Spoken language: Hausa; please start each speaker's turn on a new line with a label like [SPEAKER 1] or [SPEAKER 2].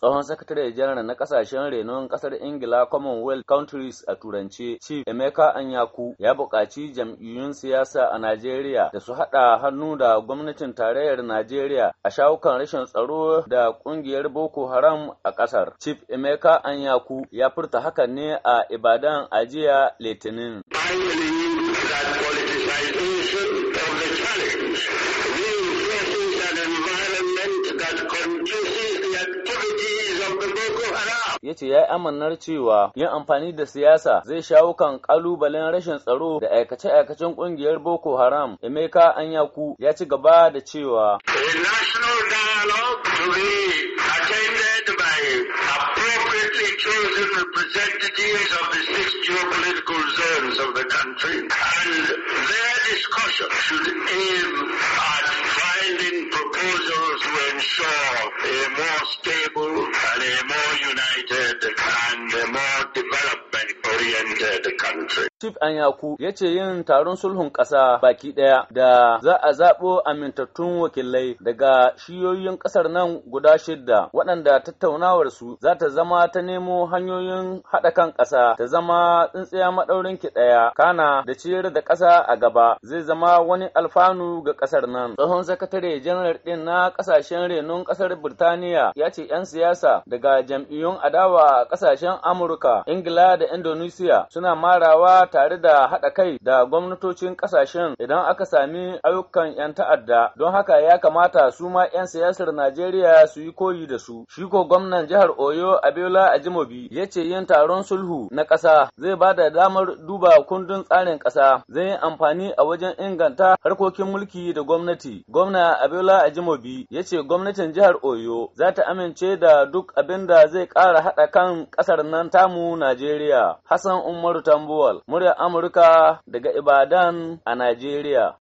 [SPEAKER 1] tsohon sakatare janar na kasashen renon kasar ingila commonwealth countries a turance chief emeka anyaku ya buƙaci jam'iyyun siyasa a najeriya da su haɗa hannu da gwamnatin tarayyar najeriya a shawukan rashin tsaro da ƙungiyar boko haram a ƙasar chief emeka anyaku ya furta haka ne a ibadan a litinin that ya ce ya yi amannar cewa yin amfani da siyasa zai shawo kan kalubalen rashin tsaro da aikace-aikacen kungiyar Boko Haram. Emeka Anyaku ya ci gaba da cewa. chosen representatives of the six geopolitical zones of the country, and their discussion should aim at the, country. Chief Anyaku ya ce yin taron sulhun ƙasa baki ɗaya da za a zaɓo amintattun wakilai daga shiyoyin ƙasar nan guda shidda waɗanda tattaunawar su za ta zama ta nemo hanyoyin haɗa kan ƙasa ta zama tsintsiya maɗaurin ki ɗaya kana da ciyar da ƙasa a gaba zai zama wani alfanu ga ƙasar nan. Tsohon sakatare janar ɗin na ƙasashen renon ƙasar Birtaniya ya ce 'yan siyasa daga jam'iyyun adawa a ƙasashen Amurka, Ingila da Indonesia suna marawa tare da haɗa kai da gwamnatocin ƙasashen idan aka sami ayyukan 'yan ta'adda don haka ya kamata su ma 'yan siyasar Najeriya su yi koyi da su. Shi ko gwamnan jihar Oyo Abiola Ajimobi ya ce yin taron sulhu na ƙasa zai ba da damar duba kundin tsarin ƙasa zai yi amfani a wajen inganta harkokin mulki da gwamnati. Gwamna Abiola Ajimobi ya ce gwamnatin jihar Oyo za ta amince da duk abin da zai ƙara haɗa kan ƙasar nan tamu Najeriya. Hassan Umaru Tambuwal. muryar Amurka daga Ibadan a Najeriya.